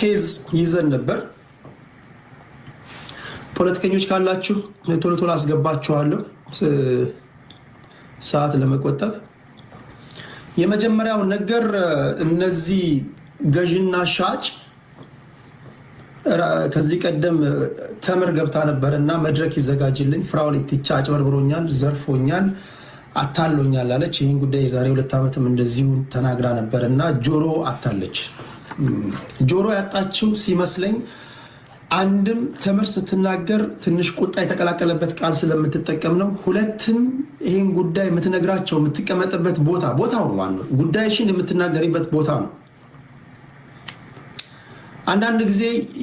ኬዝ ይዘን ነበር። ፖለቲከኞች ካላችሁ ቶሎ ቶሎ አስገባችኋለሁ ሰዓት ለመቆጠብ። የመጀመሪያው ነገር እነዚህ ገዥና ሻጭ ከዚህ ቀደም ተምር ገብታ ነበር እና መድረክ ይዘጋጅልኝ፣ ፍራኦል ኢቲቻ አጭበርብሮኛል፣ ዘርፎኛል፣ አታሎኛል አለች። ይህን ጉዳይ የዛሬ ሁለት ዓመትም እንደዚሁ ተናግራ ነበር እና ጆሮ አታለች። ጆሮ ያጣችው ሲመስለኝ አንድም ትምህርት ስትናገር ትንሽ ቁጣ የተቀላቀለበት ቃል ስለምትጠቀም ነው። ሁለትም ይህን ጉዳይ የምትነግራቸው የምትቀመጥበት ቦታ ቦታ ነው ጉዳይሽን የምትናገሪበት ቦታ ነው። አንዳንድ ጊዜ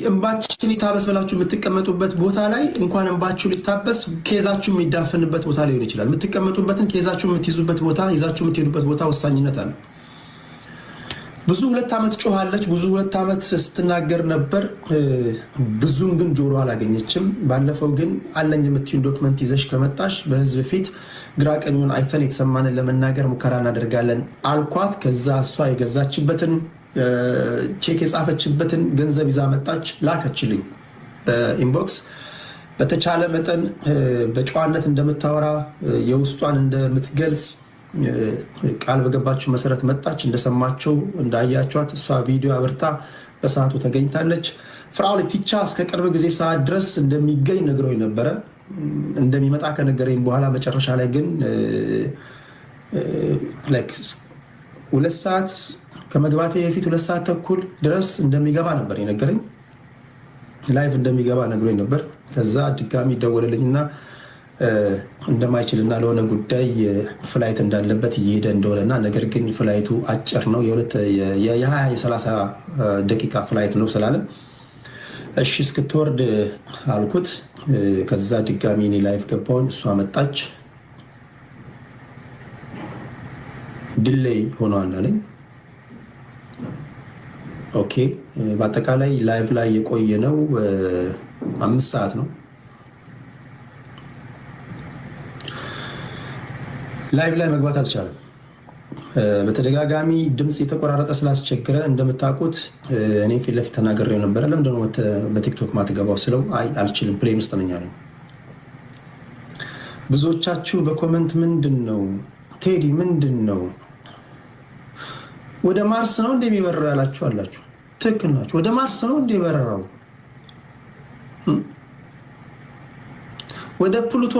እንባችን ሊታበስ ብላችሁ የምትቀመጡበት ቦታ ላይ እንኳን እንባችሁ ሊታበስ ኬዛችሁ የሚዳፍንበት ቦታ ሊሆን ይችላል። የምትቀመጡበትን ኬዛችሁ የምትይዙበት ቦታ ይዛችሁ የምትሄዱበት ቦታ ወሳኝነት አለው። ብዙ ሁለት ዓመት ጮኋለች። ብዙ ሁለት ዓመት ስትናገር ነበር። ብዙም ግን ጆሮ አላገኘችም። ባለፈው ግን አለኝ የምትዩን ዶክመንት ይዘሽ ከመጣሽ በህዝብ ፊት ግራ ቀኙን አይተን የተሰማንን ለመናገር ሙከራ እናደርጋለን አልኳት። ከዛ እሷ የገዛችበትን ቼክ የጻፈችበትን ገንዘብ ይዛ መጣች፣ ላከችልኝ በኢንቦክስ። በተቻለ መጠን በጨዋነት እንደምታወራ የውስጧን እንደምትገልጽ ቃል በገባችሁ መሰረት መጣች። እንደሰማቸው እንዳያችኋት እሷ ቪዲዮ አብርታ በሰዓቱ ተገኝታለች። ፍራውል ቲቻ እስከ ቅርብ ጊዜ ሰዓት ድረስ እንደሚገኝ ነግሮኝ ነበረ። እንደሚመጣ ከነገረኝ በኋላ መጨረሻ ላይ ግን ሁለት ሰዓት ከመግባቴ በፊት ሁለት ሰዓት ተኩል ድረስ እንደሚገባ ነበር የነገረኝ። ላይቭ እንደሚገባ ነግሮኝ ነበር። ከዛ ድጋሚ ይደወልልኝና እንደማይችልና ለሆነ ጉዳይ ፍላይት እንዳለበት እየሄደ እንደሆነና ነገር ግን ፍላይቱ አጭር ነው የሀያ የሰላሳ ደቂቃ ፍላይት ነው ስላለ እሺ እስክትወርድ አልኩት። ከዛ ድጋሚ እኔ ላይፍ ገባሁኝ። እሷ መጣች። ድሌይ ሆኗል አለኝ። ኦኬ በአጠቃላይ ላይቭ ላይ የቆየ ነው አምስት ሰዓት ነው። ላይቭ ላይ መግባት አልቻለም። በተደጋጋሚ ድምፅ የተቆራረጠ ስላስቸግረ እንደምታውቁት እኔ ፊት ለፊት ተናግሬው ነበረ። ለምንድን ነው በቲክቶክ ማትገባው ስለው አይ አልችልም፣ ፕሌን ውስጥ ነኝ አለኝ። ብዙዎቻችሁ በኮመንት ምንድን ነው ቴዲ ምንድን ነው ወደ ማርስ ነው እንደ የሚበረራ ያላችሁ አላችሁ። ትክክል ናችሁ። ወደ ማርስ ነው እንደ የበረራው ወደ ፕሉቶ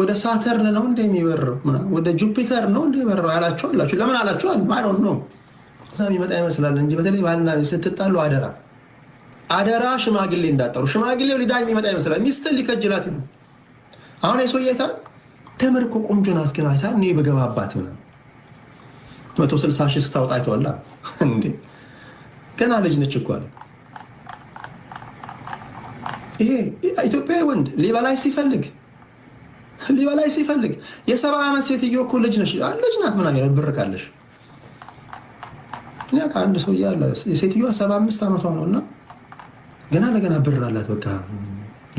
ወደ ሳተርን ነው እንደ እንደሚበረው ወደ ጁፒተር ነው እንደ እንደሚበረው አላችሁ አላችሁ ለምን አላችሁ ማለት ነው። የሚመጣ ይመስላል እንጂ በተለይ ባልና ስትጣሉ አደራ አደራ ሽማግሌ እንዳጠሩ ሽማግሌው ሊዳ የሚመጣ ይመስላል። ሚስት ሊከጅላት ነው። አሁን የሶየታ ተምር እኮ ቆንጆ ናት፣ ግን አይታ እኔ በገባባት ምናምን መቶ ስልሳ ሺህ ስታወጣ አይተዋላ እንዴ ገና ልጅ ነች እኮ አለ። ይሄ ኢትዮጵያዊ ወንድ ሊበላይ ሲፈልግ ሊበላይ ሲፈልግ የሰባ ዓመት ሴትዮ እኮ ልጅ ነሽ ልጅ ናት ምናምን ብርካለሽ እኔ ያ አንድ ሰው እያለ ሴትዮዋ ሰባ አምስት ዓመቷ ነው እና ገና ለገና ብር አላት። በቃ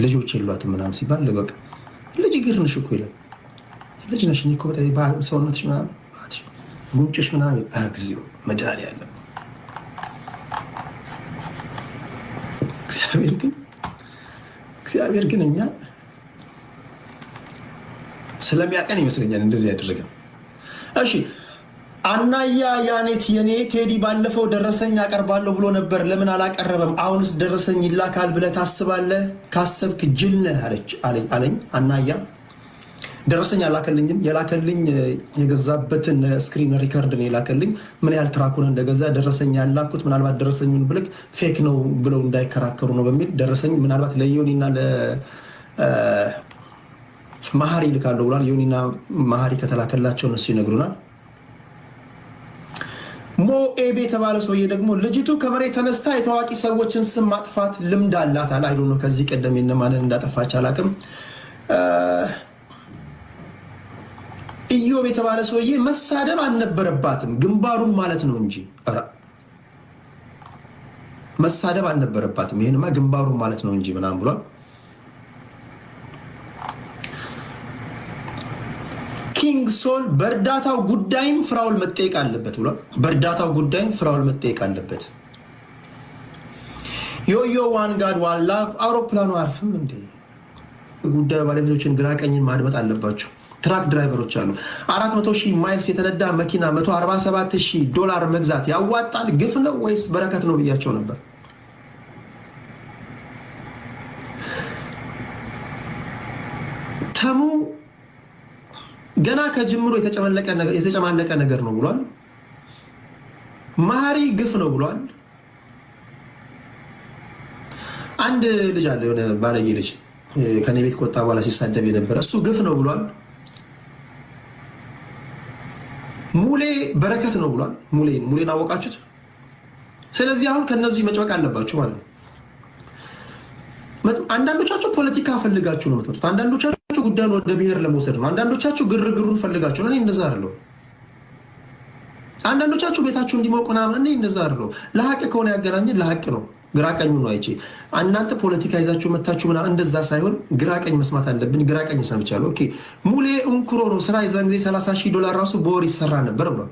ልጆች የሏት ምናምን ሲባል በቃ ልጅ ግር ነሽ እኮ ይላል። ልጅ ነሽ እኔ እኮ በጣም ሰውነትሽ ምናምን ጉንጭሽ ምናምን እግዚኦ መድኃኒዓለም እግዚአብሔር ግን እግዚአብሔር ግን እኛ ስለሚያቀን ይመስለኛል እንደዚህ ያደረገ። እሺ አናያ ያኔት የኔ ቴዲ ባለፈው ደረሰኝ አቀርባለሁ ብሎ ነበር፣ ለምን አላቀረበም? አሁንስ ደረሰኝ ይላካል ብለህ ታስባለህ? ካሰብክ ጅል ነህ አለኝ አናያ። ደረሰኝ አላከልኝም። የላከልኝ የገዛበትን ስክሪን ሪከርድ ነው የላከልኝ። ምን ያህል ትራኩን እንደገዛ ደረሰኝ ያላኩት ምናልባት ደረሰኙን ብልክ ፌክ ነው ብለው እንዳይከራከሩ ነው በሚል ደረሰኝ ምናልባት ለዮኒና መሀሪ ይልካለሁ ብሏል። ዮኒና መሀሪ ከተላከላቸው እነሱ ይነግሩናል። ኤቤ የተባለ ሰውዬ ደግሞ ልጅቱ ከመሬት ተነስታ የታዋቂ ሰዎችን ስም ማጥፋት ልምድ አላት አለ። አይዶ ነው። ከዚህ ቀደም የነማንን እንዳጠፋች አላቅም። እዮብ የተባለ ሰውዬ መሳደብ አልነበረባትም ግንባሩን ማለት ነው እንጂ መሳደብ አልነበረባትም። ይህንማ ግንባሩን ማለት ነው እንጂ ምናምን ብሏል። ኪንግ ሶል በእርዳታው ጉዳይም ፍራውል መጠየቅ አለበት ብሏል። በእርዳታው ጉዳይም ፍራውል መጠየቅ አለበት። ዮዮ ዋን ጋድ ዋን ላቭ አውሮፕላኑ አርፍም እንደ ጉዳዩ ባለቤቶችን ግራ ቀኝን ማድመጥ አለባቸው። ትራክ ድራይቨሮች አሉ። 400 ሺህ ማይልስ የተነዳ መኪና 147 ሺህ ዶላር መግዛት ያዋጣል ግፍ ነው ወይስ በረከት ነው ብያቸው ነበር። ገና ከጅምሮ የተጨማለቀ ነገር ነው ብሏል። መሀሪ ግፍ ነው ብሏል። አንድ ልጅ አለ፣ የሆነ ባለጌ ልጅ ከኔ ቤት ከወጣ በኋላ ሲሳደብ የነበረ እሱ ግፍ ነው ብሏል። ሙሌ በረከት ነው ብሏል። ሙሌ ሙሌን አወቃችሁት። ስለዚህ አሁን ከነዚህ መጭበቅ አለባችሁ ማለት ነው። አንዳንዶቻችሁ ፖለቲካ ፈልጋችሁ ነው የምትመጡት። አንዳንዶቻችሁ ጉዳዩን ወደ ብሔር ለመውሰድ ነው። አንዳንዶቻችሁ ግርግሩን ፈልጋችሁ እኔ እንደዛ አለው። አንዳንዶቻችሁ ቤታችሁ እንዲሞቅ ምናምን እኔ እንደዛ ለሀቅ ከሆነ ያገናኘን ለሀቅ ነው። ግራቀኙ ነው አይቼ እናንተ ፖለቲካ ይዛችሁ መታችሁ ምናምን እንደዛ ሳይሆን ግራቀኝ መስማት አለብን። ግራቀኝ ሰምቻለሁ። ኦኬ ሙሌ እንኩሮ ነው ስራ የዛን ጊዜ 30 ሺህ ዶላር ራሱ በወር ይሰራ ነበር ብሏል።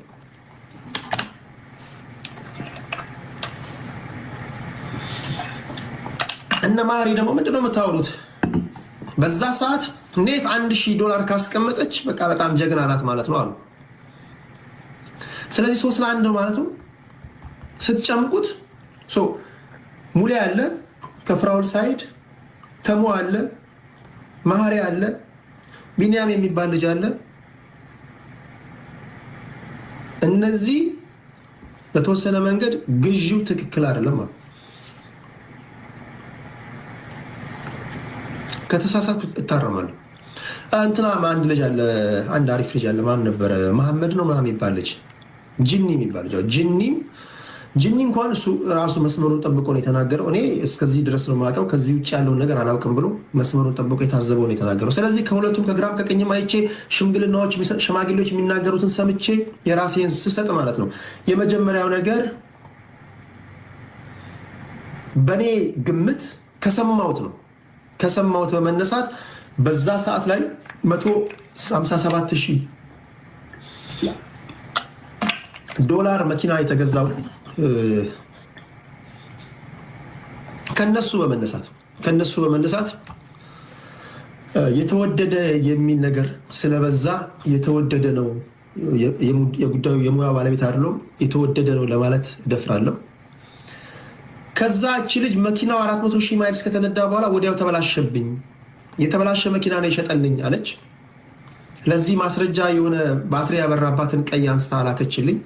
እነ ማሪ ደግሞ ምንድነው የምታወሩት በዛ ሰዓት እንዴት አንድ ሺህ ዶላር ካስቀመጠች በቃ በጣም ጀግና ናት ማለት ነው አሉ። ስለዚህ ሶስት ለአንድ ነው ማለት ነው ስትጨምቁት። ሙሌ አለ፣ ከፍራውል ሳይድ ተሞ አለ፣ ማህሪ አለ፣ ቢንያም የሚባል ልጅ አለ። እነዚህ በተወሰነ መንገድ ግዢው ትክክል አይደለም አሉ። ከተሳሳቱ እታረማለሁ። እንትና አንድ ልጅ አለ፣ አንድ አሪፍ ልጅ አለ። ማን ነበረ? መሐመድ ነው ምናምን የሚባል ልጅ፣ ጅኒ የሚባል ልጅ። ጅኒም ጅኒ እንኳን እሱ ራሱ መስመሩን ጠብቆ ነው የተናገረው። እኔ እስከዚህ ድረስ ነው የማውቀው፣ ከዚህ ውጭ ያለውን ነገር አላውቅም ብሎ መስመሩን ጠብቆ የታዘበው ነው የተናገረው። ስለዚህ ከሁለቱም ከግራም ከቀኝም አይቼ ሽምግልናዎች፣ ሽማግሌዎች የሚናገሩትን ሰምቼ የራሴን ስሰጥ ማለት ነው። የመጀመሪያው ነገር በእኔ ግምት ከሰማሁት ነው ከሰማሁት በመነሳት በዛ ሰዓት ላይ 157 ሺህ ዶላር መኪና የተገዛው ከነሱ በመነሳት ከነሱ በመነሳት የተወደደ የሚል ነገር ስለበዛ የተወደደ ነው የጉዳዩ የሙያ ባለቤት አይደለም የተወደደ ነው ለማለት እደፍራለሁ። ከዛ እቺ ልጅ መኪናው አራት መቶ ሺህ ማይልስ ከተነዳ በኋላ ወዲያው ተበላሸብኝ፣ የተበላሸ መኪና ነው የሸጠልኝ አለች። ለዚህ ማስረጃ የሆነ ባትሪ ያበራባትን ቀይ አንስታ አላከችልኝ።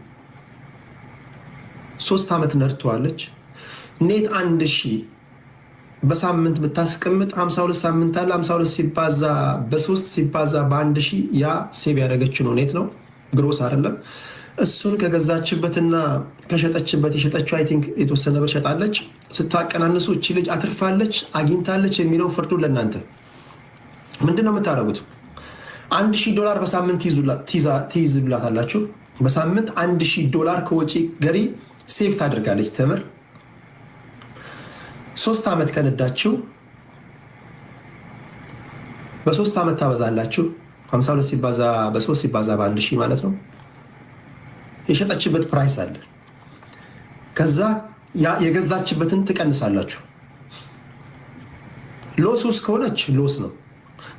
ሶስት ዓመት ነድተዋለች። ኔት አንድ ሺህ በሳምንት ብታስቀምጥ 52 ሳምንት አለ። 52 ሲባዛ በሶስት ሲባዛ በአንድ ሺህ ያ ሴብ ያደረገችው ነው ኔት ነው፣ ግሮስ አይደለም። እሱን ከገዛችበትና ከሸጠችበት የሸጠችው አይ ቲንክ የተወሰነ ብር ሸጣለች። ስታቀናንሱ እቺ ልጅ አትርፋለች አግኝታለች የሚለው ፍርዱ ለእናንተ ምንድን ነው የምታደርጉት? አንድ ሺህ ዶላር በሳምንት ትይዙላታላችሁ። በሳምንት አንድ ሺህ ዶላር ከወጪ ገሪ ሴፍ ታደርጋለች። ተምር ሶስት ዓመት ከነዳችሁ በሶስት ዓመት ታበዛላችሁ። 52 ሲባዛ በሶስት ሲባዛ በአንድ ሺህ ማለት ነው የሸጠችበት ፕራይስ አለ። ከዛ የገዛችበትን ትቀንሳላችሁ። ሎስ ውስጥ ከሆነች ሎስ ነው፣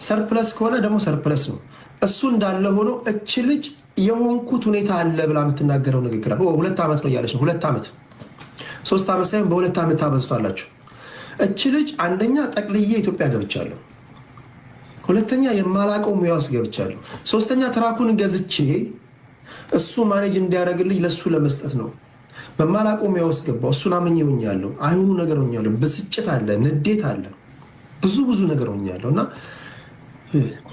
ሰርፕለስ ከሆነ ደግሞ ሰርፕለስ ነው። እሱ እንዳለ ሆኖ እች ልጅ የሆንኩት ሁኔታ አለ ብላ የምትናገረው ንግግር ሁለት ዓመት ነው እያለች ነው። ሁለት ዓመት ሶስት ዓመት ሳይሆን በሁለት ዓመት ታበዝቷላችሁ። እች ልጅ አንደኛ ጠቅልዬ ኢትዮጵያ ገብቻለሁ፣ ሁለተኛ የማላቀው ሙያ ውስጥ ገብቻለሁ፣ ሶስተኛ ትራኩን ገዝቼ እሱ ማኔጅ እንዲያደርግልኝ ለእሱ ለመስጠት ነው። በማላቆም ያስገባው እሱን አመኝ ሆኛለሁ። አይሁኑ ነገር ሆኛለሁ። ብስጭት አለ፣ ንዴት አለ፣ ብዙ ብዙ ነገር ሆኛለሁ እና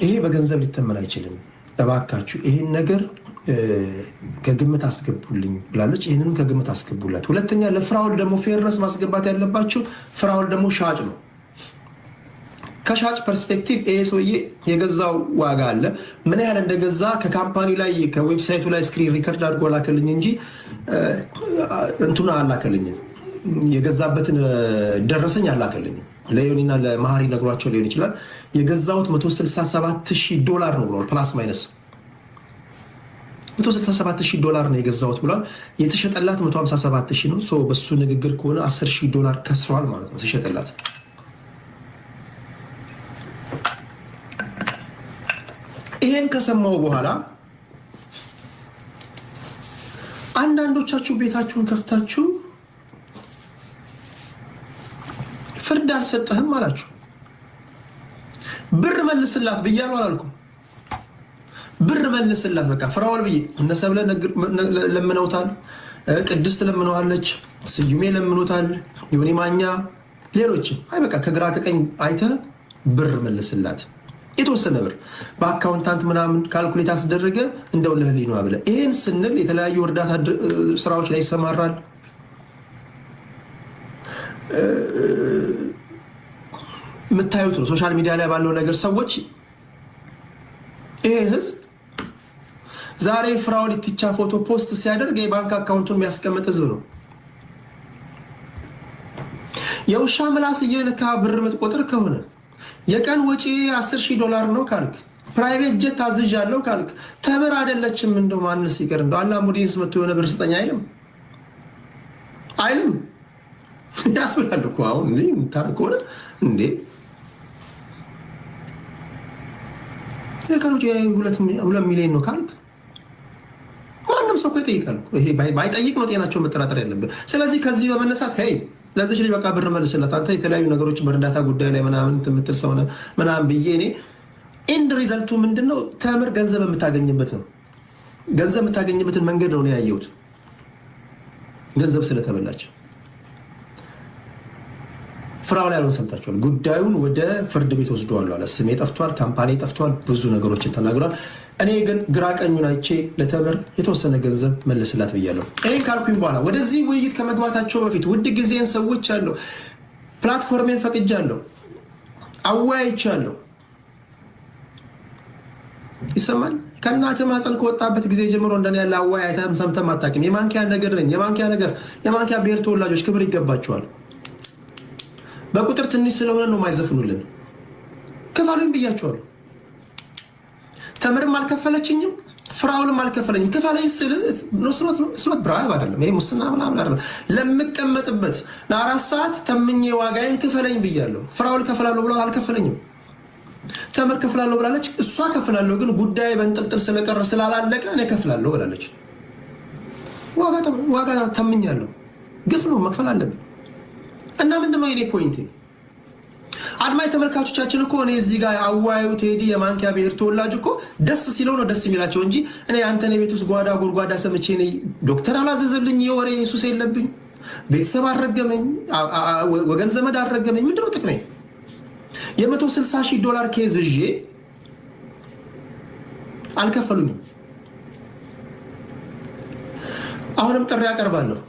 ይሄ በገንዘብ ሊተመን አይችልም። እባካችሁ ይህን ነገር ከግምት አስገቡልኝ ብላለች። ይህንንም ከግምት አስገቡላት። ሁለተኛ ለፍራውል ደግሞ ፌርነስ ማስገባት ያለባቸው ፍራውል ደግሞ ሻጭ ነው። ከሻጭ ፐርስፔክቲቭ ይሄ ሰውዬ የገዛው ዋጋ አለ። ምን ያህል እንደገዛ ከካምፓኒ ላይ ከዌብሳይቱ ላይ ስክሪን ሪከርድ አድርጎ ላከልኝ እንጂ እንቱን አላከልኝም። የገዛበትን ደረሰኝ አላከልኝም። ለዮኒና ለመሀሪ ነግሯቸው ሊሆን ይችላል። የገዛሁት 167 ዶላር ነው ብሏል። ፕላስ ማይነስ 167 ዶላር ነው የገዛሁት ብሏል። የተሸጠላት 157 ነው። በሱ ንግግር ከሆነ 10 ሺህ ዶላር ከስሯል ማለት ነው ሲሸጠላት ይሄን ከሰማው በኋላ አንዳንዶቻችሁ ቤታችሁን ከፍታችሁ ፍርድ አልሰጠህም አላችሁ። ብር መልስላት ብያለሁ አላልኩም። ብር መልስላት በቃ ፍራውል ብዬ እነ ሰብለ ለምነውታል፣ ቅድስት ለምነዋለች፣ ስዩሜ ለምኖታል፣ ዮኒ ማኛ ሌሎችም። አይ በቃ ከግራ ከቀኝ አይተህ ብር መልስላት የተወሰነ ብር በአካውንታንት ምናምን ካልኩሌት አስደረገ እንደው ለህሊኗ ብለ ይህን ስንል የተለያዩ እርዳታ ስራዎች ላይ ይሰማራል። የምታዩት ነው ሶሻል ሚዲያ ላይ ባለው ነገር ሰዎች ይሄ ህዝብ ዛሬ ፍራኦል ኢቲቻ ፎቶ ፖስት ሲያደርግ የባንክ አካውንቱን የሚያስቀምጥ ህዝብ ነው። የውሻ ምላስ እየነካ ብር ምትቆጥር ከሆነ የቀን ወጪ 10 ዶላር ነው ካልክ ፕራይቬት ጀት ታዝዣለሁ ካልክ ተምር አይደለችም። እንደ ማንስ ይቀር እንደው አላሙዲንስ መቶ የሆነ ብር ስጠኝ አይልም አይልም ያስብላል እኮ አሁን እ ታርክ ሆነ እንዴ የቀኖች ሁለት ሚሊዮን ነው ካልክ ማንም ሰው እኮ ይጠይቃል። ይሄ ባይጠይቅ ነው ጤናቸውን መጠራጠር ያለብን። ስለዚህ ከዚህ በመነሳት ሄይ ለዚች ልጅ በቃ ብር መልስለት አንተ የተለያዩ ነገሮችን በእርዳታ ጉዳይ ላይ ምናምን የምትል ሰው ምናምን ብዬ እኔ ኢንድ ሪዘልቱ ምንድን ነው? ተምር ገንዘብ የምታገኝበት ነው። ገንዘብ የምታገኝበትን መንገድ ነው ያየሁት። ገንዘብ ስለተበላች ፍራው ላይ ያለውን ሰምታችኋል። ጉዳዩን ወደ ፍርድ ቤት ወስደዋል አለ። ስሜ ጠፍቷል፣ ካምፓኒ ጠፍቷል፣ ብዙ ነገሮችን ተናግሯል። እኔ ግን ግራ ቀኙን አይቼ ለተምር የተወሰነ ገንዘብ መለስላት ብያለሁ። ይህን ካልኩኝ በኋላ ወደዚህ ውይይት ከመግባታቸው በፊት ውድ ጊዜን ሰዎች አለው ፕላትፎርሜን ፈቅጃለሁ፣ አወያይቻለሁ። ይሰማል። ከእናትህ ማህፀን ከወጣበት ጊዜ ጀምሮ እንደ ያለ አወያይታም ሰምተም አታውቅም። የማንኪያ ነገር ነኝ። የማንኪያ ነገር የማንኪያ ብሔር ተወላጆች ክብር ይገባቸዋል። በቁጥር ትንሽ ስለሆነ ነው የማይዘፍኑልን። ክፈሉኝ ብያቸዋለሁ። ተምርም አልከፈለችኝም፣ ፍራውንም አልከፈለኝም። ክፈለኝ ስል ስኖት ብራ አይደለም ይሄ ሙስና ምናምን አይደለም። ለምቀመጥበት ለአራት ሰዓት ተምኜ ዋጋዬን ክፈለኝ ብያለሁ። ፍራውል ከፍላለሁ ብሎ አልከፈለኝም። ተምር ከፍላለሁ ብላለች፣ እሷ ከፍላለሁ ግን ጉዳይ በንጥልጥል ስለቀረ ስላላለቀ እኔ ከፍላለሁ ብላለች። ዋጋ ተምኛለሁ፣ ግፍ ነው መክፈል አለብን እና ምንድነው የኔ ፖይንቴ አድማጭ ተመልካቾቻችን እኮ እኔ እዚህ ጋር አዋዩ ቴዲ የማንኪያ ብሔር ተወላጅ እኮ ደስ ሲለው ነው ደስ የሚላቸው እንጂ እኔ አንተን የቤት ውስጥ ጓዳ ጎድጓዳ ሰምቼ ነ ዶክተር አላዘዘልኝ የወሬ ሱስ የለብኝ ቤተሰብ አረገመኝ ወገን ዘመድ አረገመኝ ምንድነው ጥቅሜ? የመቶ ስልሳ ሺህ ዶላር ኬዝ እዤ አልከፈሉኝም። አሁንም ጥሪ ያቀርባለሁ።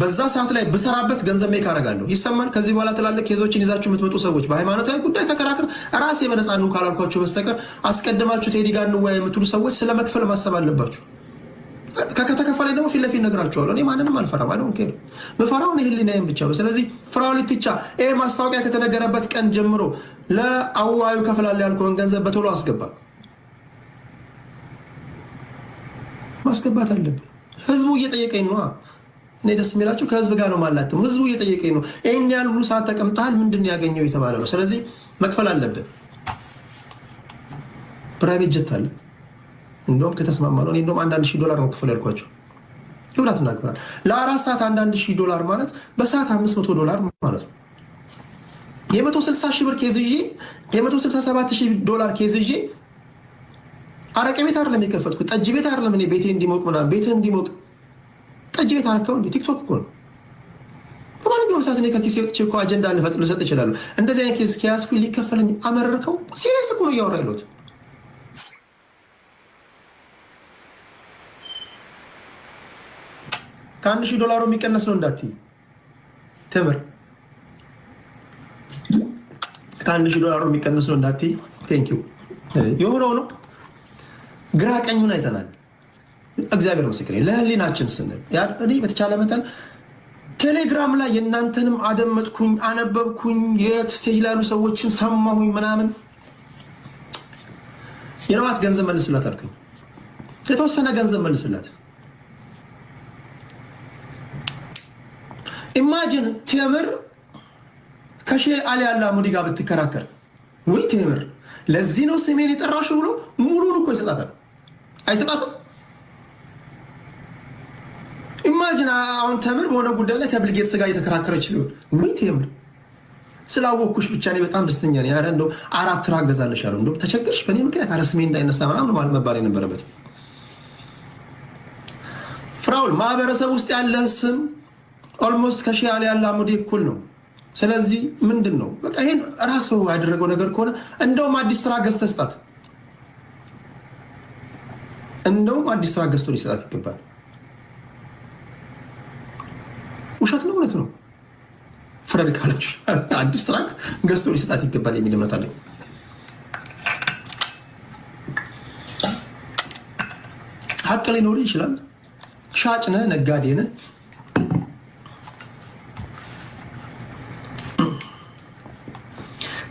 በዛ ሰዓት ላይ ብሰራበት ገንዘብ ሜክ አደርጋለሁ። ይሰማል። ከዚህ በኋላ ትላልቅ ኬዞችን ይዛችሁ የምትመጡ ሰዎች በሃይማኖታዊ ጉዳይ ተከራክር ራሴ በነፃ ኑ ካላልኳችሁ በስተቀር አስቀድማችሁ ቴዲ ጋር እንወያይ የምትሉ ሰዎች ስለ መክፈል ማሰብ አለባችሁ። ከተከፈለ ደግሞ ፊት ለፊት ነግራችኋለሁ። እኔ ማንንም አልፈራም። አሁን ከሄዱ ምፈራውን ህሊናዬን ብቻ ነው። ስለዚህ ፍራው ልትቻ ይህ ማስታወቂያ ከተነገረበት ቀን ጀምሮ ለአዋዩ ከፍላለሁ ያልከውን ገንዘብ በቶሎ አስገባ፣ ማስገባት አለብን። ህዝቡ እየጠየቀኝ ነዋ። እኔ ደስ የሚላቸው ከህዝብ ጋር ነው ማላትም። ህዝቡ እየጠየቀኝ ነው። ይህን ያህል ሁሉ ሰዓት ተቀምጠሃል፣ ምንድን ነው ያገኘው የተባለ ነው። ስለዚህ መክፈል አለብን። ፕራይቬት ጀት አለ። እንደውም ከተስማማ ነው። እኔ እንደውም አንዳንድ ሺህ ዶላር ነው ክፍል ያልኳቸው። ክብራትና ክብራት ለአራት ሰዓት አንዳንድ ሺህ ዶላር ማለት በሰዓት አምስት መቶ ዶላር ማለት ነው። የመቶ ስልሳ ሺህ ብር ኬዝ ይዤ የመቶ ስልሳ ሰባት ሺህ ዶላር ኬዝ ይዤ አረቄ ቤት አይደለም የከፈትኩት፣ ጠጅ ቤት አይደለም። እኔ ቤቴ እንዲሞቅ ምናምን ቤቴ እንዲሞቅ ጠጅ ቤት አረካው እንደ ቲክቶክ እኮ ነው። በማንኛውም ሰዓት እኔ ከኪሴ ወጥቼ እኮ አጀንዳ ልፈጥ ልሰጥ ይችላሉ። እንደዚህ አይነት ኬዝ ከያዝኩ ሊከፈለኝ አመረርከው። ሲሪየስ እኮ ነው እያወራ ያለሁት። ከአንድ ሺህ ዶላሩ የሚቀነስ ነው እንዳትዪ ተምር። ከአንድ ሺህ ዶላሩ የሚቀነስ ነው እንዳትዪ። ቴንኪው የሆነው ነው። ግራ ቀኙን አይተናል። እግዚአብሔር ምስክሬ፣ ለህሊናችን ስንል እኔ በተቻለ መጠን ቴሌግራም ላይ የእናንተንም አደመጥኩኝ፣ አነበብኩኝ፣ የት ስቴጅ ላሉ ሰዎችን ሰማሁኝ ምናምን የልማት ገንዘብ መልስላት አልኩኝ። የተወሰነ ገንዘብ መልስላት። ኢማጂን ቴምር ከሼህ አሊ አላ ሙዲ ጋር ብትከራከር ወይ ቴምር ለዚህ ነው ስሜን የጠራሽው ብሎ ሙሉን እኮ ይሰጣታል። አይሰጣትም ኢማጂን አሁን ተምር በሆነ ጉዳይ ላይ ከብልጌትስ ጋር እየተከራከረች ሊሆን ወይ ተምር ስላወቅኩሽ ብቻ እኔ በጣም ደስተኛ ነኝ። ኧረ እንደው አራት ራ ገዛለሽ አለ እንደው ተቸገርሽ በእኔ ምክንያት ኧረ ስሜ እንዳይነሳ ምናምን ማለት መባል የነበረበት ፍራውል ማህበረሰብ ውስጥ ያለ ስም ኦልሞስት ከሺ ያለ ያለ አሙዴ እኩል ነው። ስለዚህ ምንድን ነው በቃ ይሄን ራሱ ያደረገው ነገር ከሆነ እንደውም አዲስ ስራ ገዝተህ እንደውም አዲስ ስራ ገዝቶ ሊሰጣት ይገባል። ውሸት ነው እውነት ነው? ፍረድ ካላችሁ አዲስ ትራክ ገዝቶ ሊሰጣት ይገባል የሚል እምነት አለኝ። ሀቅ ሊኖር ይችላል። ሻጭ ነህ፣ ነጋዴ ነህ።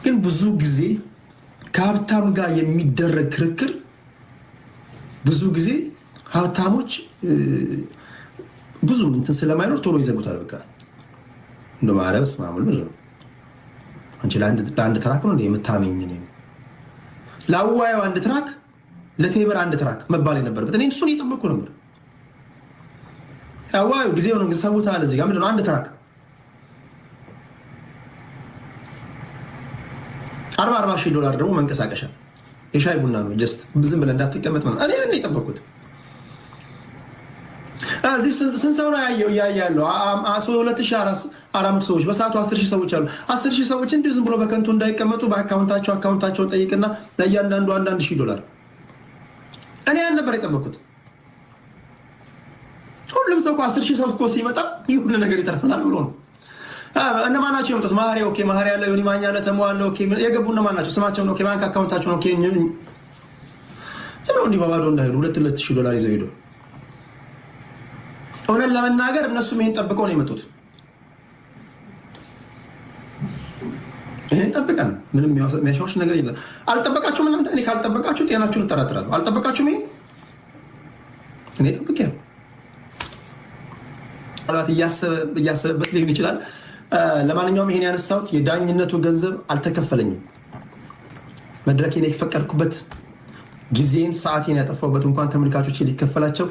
ግን ብዙ ጊዜ ከሀብታም ጋር የሚደረግ ክርክር ብዙ ጊዜ ሀብታሞች ብዙ እንትን ስለማይኖር ቶሎ ይዘጉታል። በቃ እንደ ማረብስ ስማሙል ብለ አንቺ ለአንድ ትራክ ነው የምታመኝ ለአዋየው አንድ ትራክ፣ ለቴምር አንድ ትራክ መባል የነበረበት እኔ እሱን እየጠበቅኩ ነበር። አዋዩ ጊዜ ሆነ ግን ሰውታ አለ እዚህ ጋር ምንድነው አንድ ትራክ አርባ አርባ ሺህ ዶላር ደግሞ መንቀሳቀሻ የሻይ ቡና ነው። ጀስት ዝም ብለህ እንዳትቀመጥ ነው እኔ እኔ የጠበቅኩት እዚህ ስንት ሰው ነው ያየው? እያያለሁ ሰዎች በሰዓቱ አስር ሰዎች አሉ። አስር ሰዎች እንዲሁ ዝም ብሎ በከንቱ እንዳይቀመጡ በአካውንታቸው አካውንታቸውን ጠይቅና ለእያንዳንዱ አንዳንድ ሺህ ዶላር እኔ ያን ነበር የጠበኩት። ሁሉም ሰው አስር ሺህ ሰው እኮ ሲመጣ ይህ ሁሉ ነገር ይተርፈናል ብሎ ነው። እነማን ናቸው የመጡት? ማህሪ ኦኬ፣ ማህሪ ያለ ዮኒ ማኛ ያለ ኦኬ፣ የገቡ እነማን ናቸው? ስማቸውን ኦኬ፣ ባንክ አካውንታቸውን ኦኬ፣ ዝም ብሎ እንዲህ በባዶ እንዳይሄዱ ሁለት ሁለት ሺህ ዶላር ይዘው ሄደው እውነት ለመናገር እነሱም ይህን ጠብቀው ነው የመጡት። ይህን ጠብቀን ምንም የሚያሻዎች ነገር የለም። አልጠበቃችሁም እናንተ። እኔ ካልጠበቃችሁ ጤናችሁን እጠራጥራለሁ። አልጠበቃችሁም። ይሄ እኔ ያ ላት እያሰበበት ሊሆን ይችላል። ለማንኛውም ይሄን ያነሳሁት የዳኝነቱ ገንዘብ አልተከፈለኝም። መድረኬን የፈቀድኩበት ጊዜን ሰዓቴን ያጠፋሁበት እንኳን ተመልካቾች ሊከፈላቸው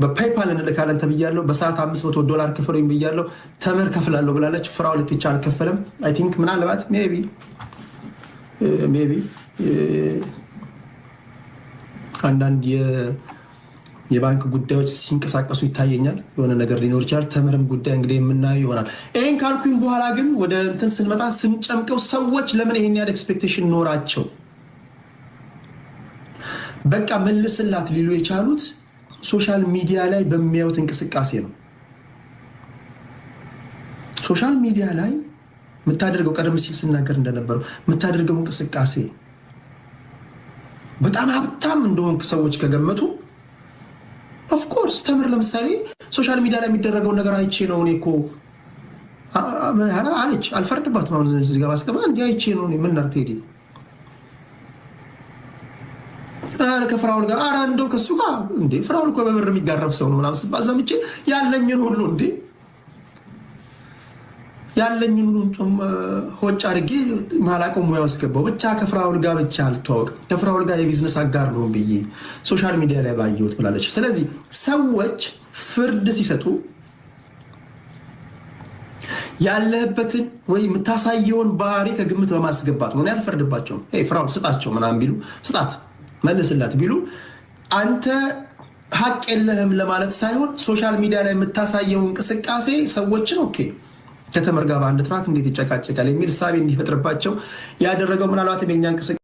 በፓይፓል እንልካለን ተብያለሁ። በሰዓት አምስት መቶ ዶላር ክፈሉኝ ብያለሁ። ተምር ከፍላለሁ ብላለች። ፍራው ልትቻ አልከፈለም። አይ ቲንክ ምናልባት ሜይ ቢ ሜይ ቢ አንዳንድ የባንክ ጉዳዮች ሲንቀሳቀሱ ይታየኛል። የሆነ ነገር ሊኖር ይችላል። ተምርም ጉዳይ እንግዲህ የምናየው ይሆናል። ይህን ካልኩኝ በኋላ ግን ወደ እንትን ስንመጣ ስንጨምቀው ሰዎች ለምን ይሄን ያህል ኤክስፔክቴሽን ኖራቸው በቃ መልስላት ሊሉ የቻሉት ሶሻል ሚዲያ ላይ በሚያዩት እንቅስቃሴ ነው። ሶሻል ሚዲያ ላይ የምታደርገው ቀደም ሲል ስናገር እንደነበረው የምታደርገው እንቅስቃሴ በጣም ሀብታም እንደሆንክ ሰዎች ከገመቱ ኦፍኮርስ ተምር። ለምሳሌ ሶሻል ሚዲያ ላይ የሚደረገውን ነገር አይቼ ነው እኔ እኮ አለች፣ አልፈርድባትም። አሁን እዚህ ጋር ማስገባ እንዲህ አይቼ ነው ምን ከፍራውል ጋር ኧረ እንደው ከሱ ጋር እንደ ፍራውል እኮ በብር የሚጋረፍ ሰው ነው ምናምን ስባል ሰምቼ ያለኝን ሁሉ እንደ ያለኝን ሁሉ ሆጭ አድርጌ ማላውቀው ሙያ ውስጥ ብቻ ከፍራውል ጋር ብቻ አልተዋወቅም፣ ከፍራውል ጋር የቢዝነስ አጋር ነው ብዬ ሶሻል ሚዲያ ላይ ባየሁት ብላለች። ስለዚህ ሰዎች ፍርድ ሲሰጡ ያለህበትን ወይ የምታሳየውን ባህሪ ከግምት በማስገባት ነው። እኔ አልፈርድባቸውም። ፍራውል ስጣቸው ምናምን ቢሉ ስጣት መልስላት ቢሉ አንተ ሀቅ የለህም ለማለት ሳይሆን ሶሻል ሚዲያ ላይ የምታሳየው እንቅስቃሴ ሰዎችን ኦኬ ከተመርጋ በአንድ ትራክ እንዴት ይጨቃጨቃል የሚል ሳቢ እንዲፈጥርባቸው ያደረገው ምናልባት የኛ እንቅስቃሴ